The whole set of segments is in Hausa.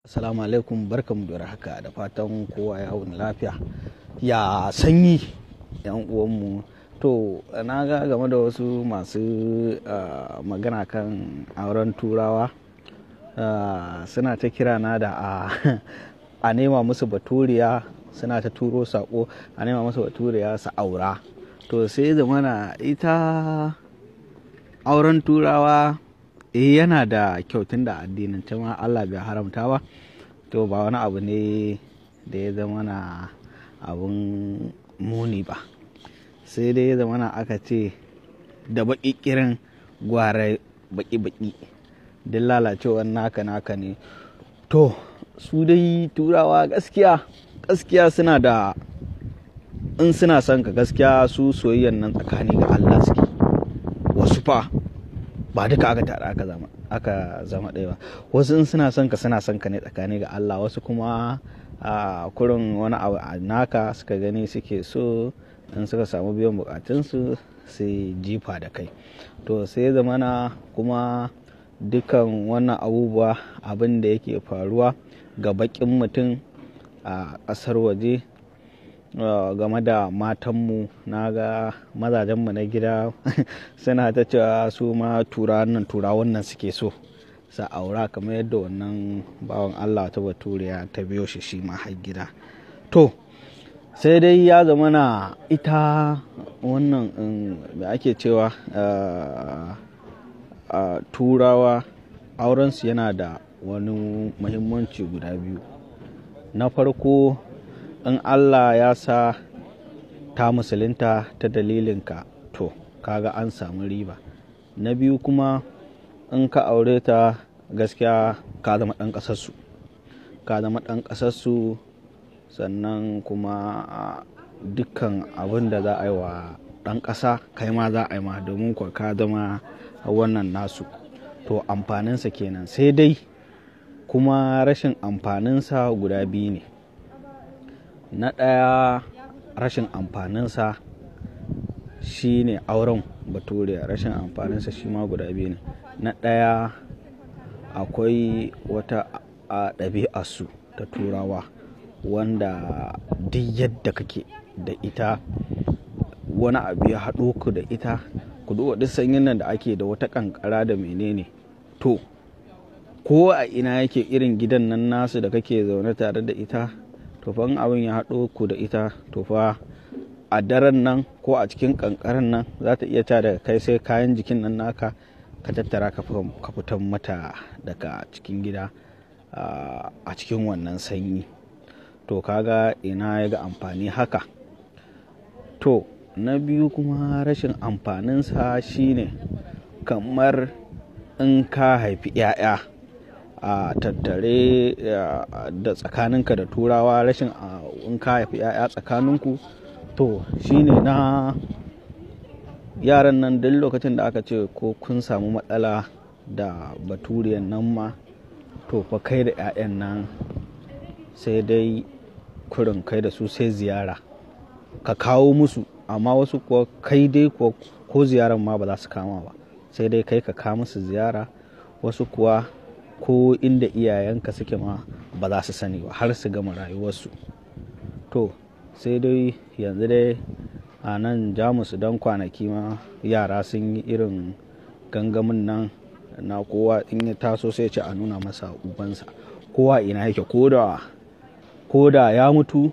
Assalamu alaikum barkamu da haka da fatan kowa ya hau lafiya ya sanyi yan uwanmu to na ga game da wasu masu magana kan auren turawa suna ta kira na da a nema musu baturiya suna ta turo sako a nema musu baturiya su aura to sai zamana ita auren turawa eh yana da kyau tun da addinin Allah bai haramta ba to ba wani abu ne da ya zama na abun muni ba sai dai ya zama na aka ce da baki kirin gwara baki-baki don lalacewar naka naka ne to su dai turawa gaskiya gaskiya suna da in suna son ka gaskiya su soyayyan nan tsakani ga Allah suke wasu fa ba duka aka tare aka zama aka zama ɗaya ba wasu in suna son ka suna son ka ne tsakani ga Allah wasu kuma a kurin wani abu a naka suka gani suke so in suka samu biyan bukatunsu sai jifa da kai to sai zamana kuma dukan wannan abubuwa abin da yake faruwa ga bakin mutum a ƙasar waje Ah, game da matanmu na ga mazajenmu na gida suna ta cewa su ma tura nan tura wannan suke so sa aura kamar yadda wannan bawan allah ta baturiya ta biyo shi shi ma har gida to sai dai ya zama na ita wannan da um, ake cewa ah, ah, turawa aurensu yana da wani muhimmanci guda biyu na farko in allah ya sa ta musulunta ta dalilin ka to kaga an samu riba na biyu kuma in ka aure ta gaskiya ka zama ɗan ƙasarsu ka zama ɗan ƙasarsu sannan kuma dukkan abin da za a yi wa ɗan ƙasa kai ma za a yi ma domin kwa ka zama wannan nasu to amfaninsa kenan sai dai kuma rashin amfaninsa guda biyu ne na ɗaya rashin amfaninsa shi ne auren bature rashin amfaninsa shi ma guda biyu ne na ɗaya akwai wata a su ta turawa wanda duk yadda kake da ita wani abu ya haɗo ku da ita ku duba duk sanyin nan da ake da wata ƙanƙara da menene to ko a ina yake irin gidan nan nasu da kake zaune tare da ita tofa in abin ya haɗo ku da ita tofa a daren nan ko a cikin ƙanƙarin nan za ta iya ta daga kai sai kayan jikin nan naka ka tattara ka fitan mata daga cikin gida a cikin wannan sanyi to kaga ina ya ga amfani haka to na biyu kuma rashin amfaninsa shine kamar in ka haifi 'ya'ya a tattare da tsakaninka da turawa rashin in ka haifi 'ya'ya tsakaninku to shine na yaran nan duk lokacin da aka ce ko kun samu matsala da baturiyan nan ma to fa kai da 'ya'yan nan sai dai kurin kai da su sai ziyara ka kawo musu amma wasu kuwa kai dai kuwa ko ziyarar ma ba za su kama ba sai dai kai ka kawo musu ziyara wasu kuwa ko inda iyayenka suke ma ba za su sani ba har su gama rayuwarsu to sai dai yanzu dai a nan jamus don kwanaki ma yara sun yi irin gangamin nan na kowa in ya taso sai ce a nuna masa ubansa kowa ina yake ko da ya mutu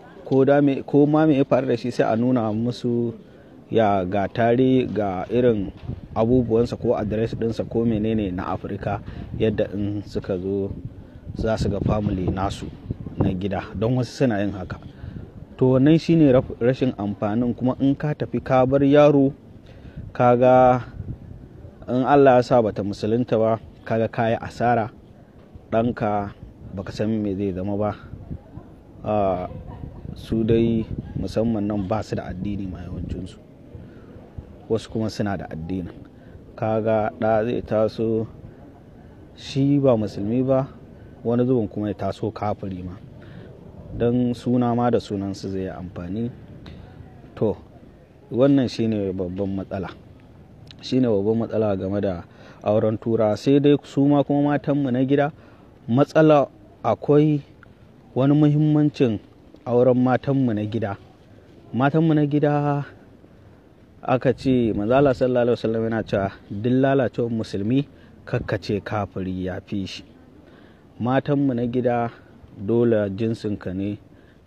ko ma me ya faru da shi sai a nuna musu ya ga tari ga irin abubuwansa ko adres sa ko menene na afirka yadda in suka zo za su ga family nasu na gida don wasu suna yin haka to wannan shine rashin amfanin kuma in ka tafi ka bar yaro kaga in allah ya sa bata musulunta ba kaga yi asara ɗanka baka san me zai zama ba ah, su dai musamman nan ba su da addini ma yawancinsu wasu kuma suna da addinin kaga ɗa zai taso shi ba musulmi ba wani zubin kuma ya taso kafiri ma don suna ma da sunansu zai amfani to wannan shine babban matsala shine babban matsala game da auren tura sai dai su ma kuma matanmu na gida matsala akwai wani muhimmancin auren matanmu na gida matanmu na gida aka ce manzala sallallahu alaihi wasallam yana cewa duk lalacewar musulmi kakkace kafiri ya fi shi matanmu na gida dole jinsin ka ne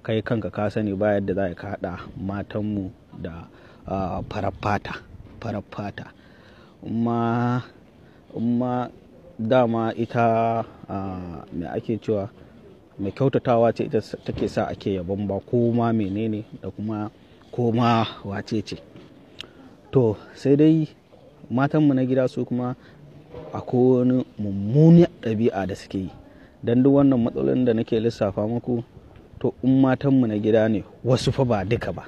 kai kanka ka sani ba yadda za ka haɗa matanmu da farafata farafata ma dama ita mai ake cewa mai kyautatawa ce ita take sa ake yabon ba ko ma menene da kuma ko ma wace ce to sai dai matanmu na gida su kuma akwai wani mummuni ɗabi'a da suke yi don duk wannan matsalolin da nake lissafa muku to in matanmu na gida ne wasu fa ba duka ba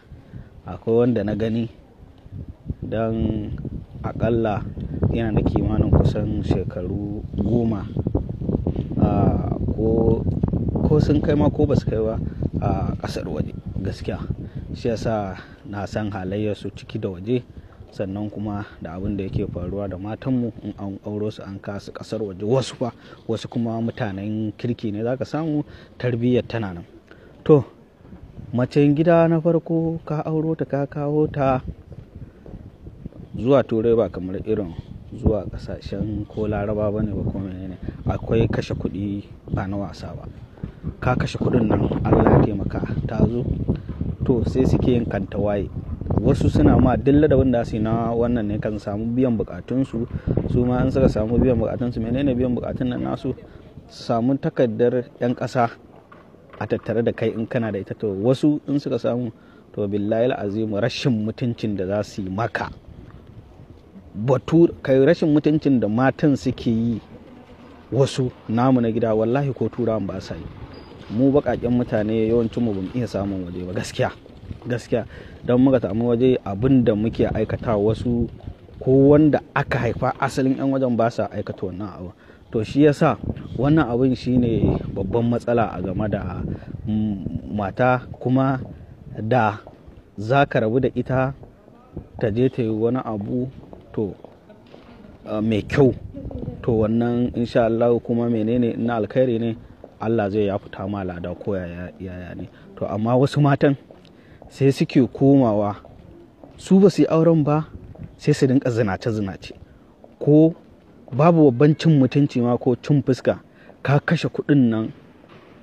akwai wanda na gani don akalla yana da kimanin kusan shekaru goma ko sun kai ma ko ba su kai ba a ƙasar waje gaskiya shi yasa na san halayyarsu ciki da waje sannan kuma da abin da yake faruwa da matanmu in an auro su an kasu kasar waje wasu fa wasu kuma mutanen kirki ne za ka samu tarbiyyar tana nan to macen gida na farko ka auro ta ka kawo ta zuwa turai ba kamar irin zuwa kasashen ko laraba ba ne ba ko ne akwai kashe kuɗi ba na wasa ba ka kashe kuɗin nan allah ya taimaka ta zo to sai suke yin kanta waye wasu suna ma dilla da wanda su na wannan ne kan samu biyan bukatunsu su ma an suka samu biyan bukatunsu menene biyan bukatun nan nasu samun samu takardar yan kasa a tattare da kai in kana da ita to wasu in suka samu to billahi azimu rashin mutuncin da za su yi maka batu kai rashin mutuncin da matan suke yi wasu namu na gida wallahi ko turawan ba sa yi mu baƙaƙen mutane yawancin mu bamu iya samun waje ba gaskiya gaskiya don muka samu waje abin da muke aikata wasu ko wanda aka haifa asalin 'yan wajen ba sa aikata wannan abu to shi yasa wannan abin shine babban matsala a game da mm, mata kuma da za ka rabu da ita ta je ta yi wani abu to ah, mai kyau to wannan insha Allah kuma menene na alkhairi ne Allah zai ya fita ma lada ko yaya ne to amma wasu matan sai suke komawa su ba su yi auren ba sai su dinka zinace-zinace ko babu babban cin mutunci ma ko cin fuska ka kashe kuɗin nan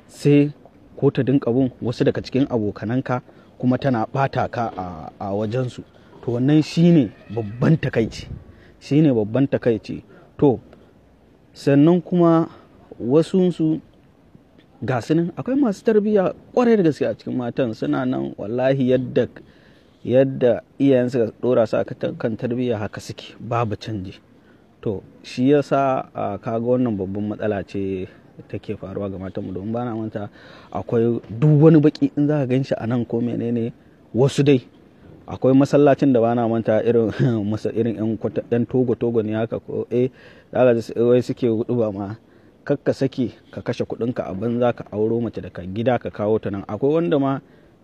sai ko ta dinka bin wasu daga cikin abokananka kuma tana ɓata ka a wajensu to wannan shine babban takaici shine babban takaici to sannan kuma wasunsu ga su akwai masu tarbiyya kwarai da gaske a cikin matan suna nan wallahi yadda yadda iyayen suka dora su kan tarbiyya haka suke babu canji to shi yasa kaga wannan babban matsala ce take faruwa ga matanmu domin bana manta akwai duk wani baki in za ka gan shi a nan ko menene wasu dai akwai masallacin da bana manta irin irin yan togo togo ne haka ko eh za ka wai suke hudu ma kakka sake ka kashe kuɗinka a banza ka auro mace daga gida ka kawo ta nan akwai wanda ma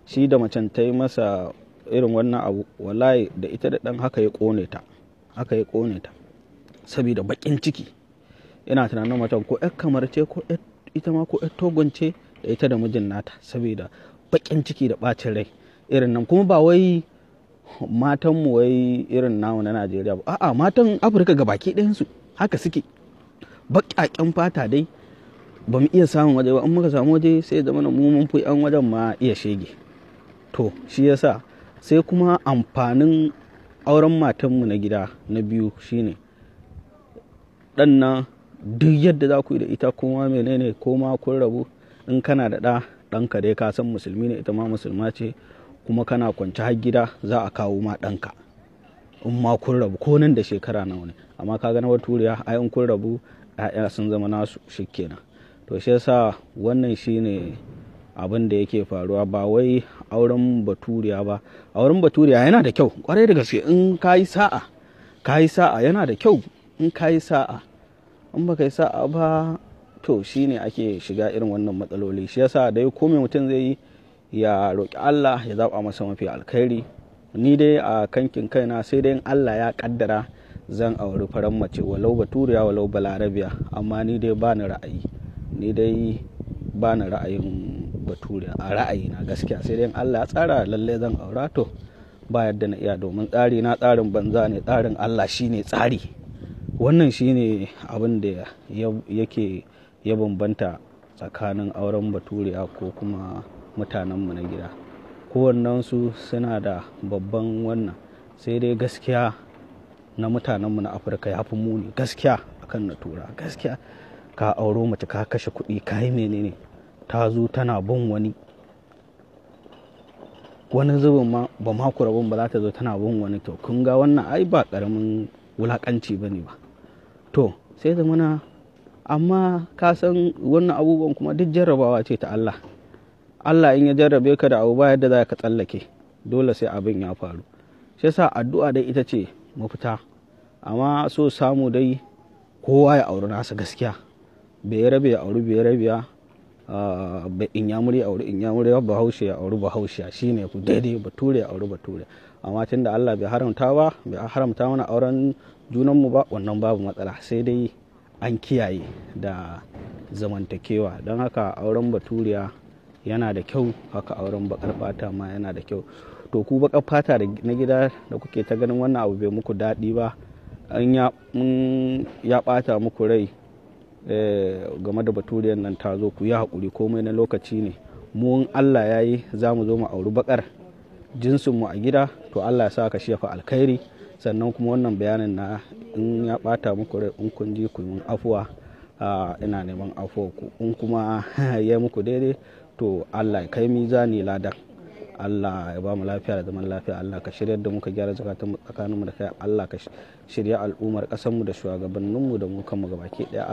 shi da macen ta yi masa irin wannan abu wallahi da ita da ɗan haka ya ƙone ta haka ya ƙone ta saboda baƙin ciki ina tunanin matan ko yar kamar ce ko ita ma ko yar togon ce da ita da mijin nata saboda baƙin ciki da bacin rai irin nan kuma ba wai matan mu wai irin namu na Najeriya ba a'a matan Afirka ga baki ɗayan su haka suke baƙaƙen fata dai ba mu iya samun waje ba in muka samu waje sai zama na mun fi yan wajen ma iya shege to shi yasa sai kuma amfanin auren matanmu na gida na biyu shine ɗan na duk yadda za ku yi da ita kuma menene ko ma kun rabu in kana da ɗa ɗanka dai ka san musulmi ne ita ma musulma ce kuma kana kwanci har gida za a kawo ma ɗanka in ma kun rabu ko nan da shekara nawa ne amma ka ga na baturiya ai in kun rabu 'ya'ya sun zama nasu shikenan to shi yasa wannan shine abin da yake faruwa ba wai auren baturiya ba auren baturiya yana da kyau kwarai da gaske in ka yi sa'a ka yi sa'a yana da kyau in ka yi sa'a in ba ka yi sa'a ba to shi ne ake shiga irin wannan matsaloli shi yasa dai komai mutum zai yi ya roƙi Allah ya zaɓa masa mafi alkhairi ni dai a kankin kaina sai dai in Allah ya kaddara zan auri farar mace walau baturiya walau balarabiya amma ni dai ba ni ra'ayi ni dai ba ni ra'ayin baturiya a ra'ayi na gaskiya sai dai Allah ya tsara lalle zan aura to ba yadda na iya domin tsari na tsarin banza ne tsarin Allah shine tsari wannan shine abin da yake ya bambanta tsakanin auren baturiya ko kuma mutanenmu na gida kowannensu suna da babban wannan sai dai gaskiya na mutanenmu na afirka ya fi muni gaskiya akan na tura gaskiya ka auro mace ka kashe kuɗi ka yi menene ta zo tana bin wani wani zubin ma ba ma bin ba za ta zo tana bin wani to kun ga wannan ai ba karamin wulakanci ba ne ba to sai zamana amma ka san wannan abubuwan kuma duk jarrabawa ce ta Allah Allah in ya jarrabe ka da abu ba yadda za ka tsallake dole sai abin ya faru shi yasa addu'a dai ita ce mafita amma so samu dai kowa ya auri nasa gaskiya bai rabe ya auri bai ya ah, bai in ya auri in ya bahaushe ya auri bahaushe shine ku daidai bature ya auri bature amma tun da Allah bai haramta ba bai haramta mana auren junan mu ba wannan babu matsala sai dai an kiyaye da zamantakewa don haka auren baturiya yana da kyau haka auren bakar fata ma yana da kyau to ku baka fata na gida da kuke ta ganin wannan abu bai muku daɗi ba an ya ɓata muku rai eh, game da baturiyar nan ta zo ku yi haƙuri komai na lokaci ne mun allah ya yi za mu zo mu auri bakar jinsinmu a gida to allah ya sa ka shafa alkhairi sannan kuma wannan bayanin na in ya ɓata muku rai in kun ji ku yi afuwa ina neman afuwa ku in kuma ya muku daidai to allah ya kai mizani ladan Allah ya ba mu lafiya da zaman lafiya Allah ka shirya da muka gyara zakatun tsakaninmu da kai Allah ka shirya al'ummar ƙasarmu da shugabanninmu da mu kanmu gabaki ɗaya